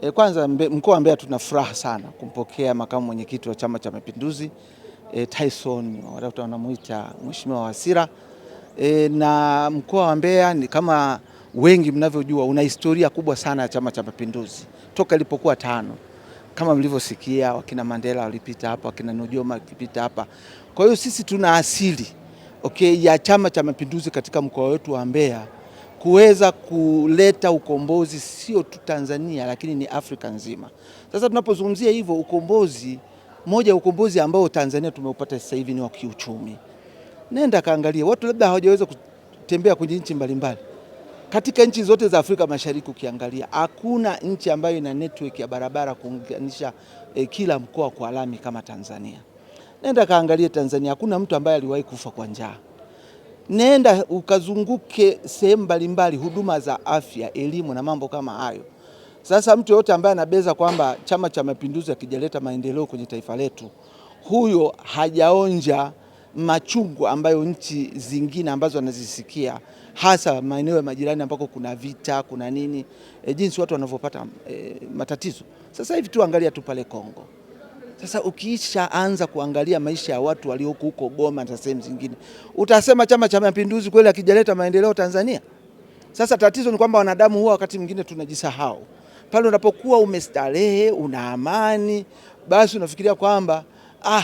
E, kwanza mkoa wa Mbeya tuna furaha sana kumpokea makamu mwenyekiti wa Chama cha Mapinduzi e, Tyson watu wanamuita Mheshimiwa Wasira e, na mkoa wa Mbeya ni kama wengi mnavyojua una historia kubwa sana ya Chama cha Mapinduzi toka ilipokuwa tano, kama mlivyosikia wakina Mandela walipita hapa, wakina Nujoma walipita hapa. Kwa hiyo sisi tuna asili okay, ya Chama cha Mapinduzi katika mkoa wetu wa Mbeya kuweza kuleta ukombozi sio tu Tanzania, lakini ni Afrika nzima. Sasa tunapozungumzia hivyo ukombozi, moja ya ukombozi ambao Tanzania tumeupata sasa hivi ni wa kiuchumi. Nenda kaangalia, watu labda hawajaweza kutembea kwenye nchi mbalimbali katika nchi zote za Afrika Mashariki ukiangalia, hakuna nchi ambayo ina network ya barabara kuunganisha eh, kila mkoa kwa lami kama Tanzania. Nenda kaangalie Tanzania, hakuna mtu ambaye aliwahi kufa kwa njaa nenda ukazunguke sehemu mbalimbali, huduma za afya, elimu na mambo kama hayo. Sasa mtu yoyote ambaye anabeza kwamba Chama cha Mapinduzi akijaleta maendeleo kwenye taifa letu, huyo hajaonja machungu ambayo nchi zingine ambazo anazisikia hasa maeneo ya majirani ambako kuna vita kuna nini, e, jinsi watu wanavyopata e, matatizo. Sasa hivi tu angalia tu pale Kongo. Sasa ukishaanza kuangalia maisha ya watu walioko huko Goma na sehemu zingine, utasema Chama cha Mapinduzi kweli akijaleta maendeleo Tanzania. Sasa tatizo ni kwamba wanadamu huwa wakati mwingine tunajisahau. Pale unapokuwa umestarehe, una amani, basi unafikiria kwamba ah,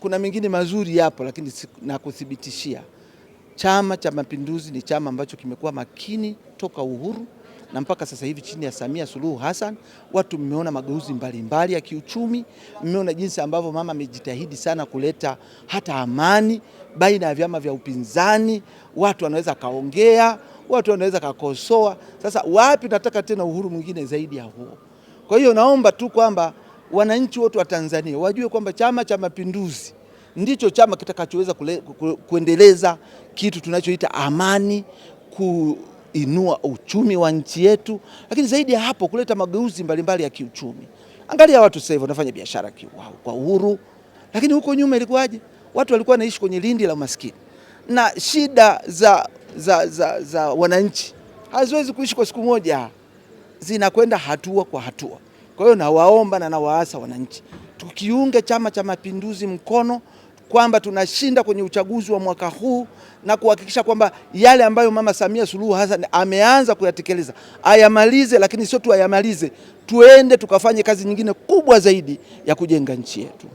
kuna mengine mazuri yapo, lakini nakuthibitishia Chama cha Mapinduzi ni chama ambacho kimekuwa makini toka uhuru na mpaka sasa hivi chini ya Samia Suluhu Hassan watu mmeona mageuzi mbalimbali ya kiuchumi, mmeona jinsi ambavyo mama amejitahidi sana kuleta hata amani baina ya vyama vya upinzani, watu wanaweza kaongea, watu wanaweza kakosoa. Sasa wapi nataka tena uhuru mwingine zaidi ya huo? Kwa hiyo naomba tu kwamba wananchi wote wa Tanzania wajue kwamba Chama cha Mapinduzi ndicho chama kitakachoweza kuendeleza kitu tunachoita amani ku kuinua uchumi wa nchi yetu, lakini zaidi ya hapo kuleta mageuzi mbalimbali ya kiuchumi. Angalia watu sasa hivi wanafanya biashara kwa uhuru, lakini huko nyuma ilikuwaje? Watu walikuwa wanaishi kwenye lindi la umaskini na shida za, za, za, za wananchi haziwezi kuishi kwa siku moja, zinakwenda hatua kwa hatua. Kwa hiyo nawaomba na nawaasa wananchi tukiunge Chama cha Mapinduzi mkono kwamba tunashinda kwenye uchaguzi wa mwaka huu na kuhakikisha kwamba yale ambayo Mama Samia Suluhu Hassan ameanza kuyatekeleza ayamalize, lakini sio tu ayamalize, tuende tukafanye kazi nyingine kubwa zaidi ya kujenga nchi yetu.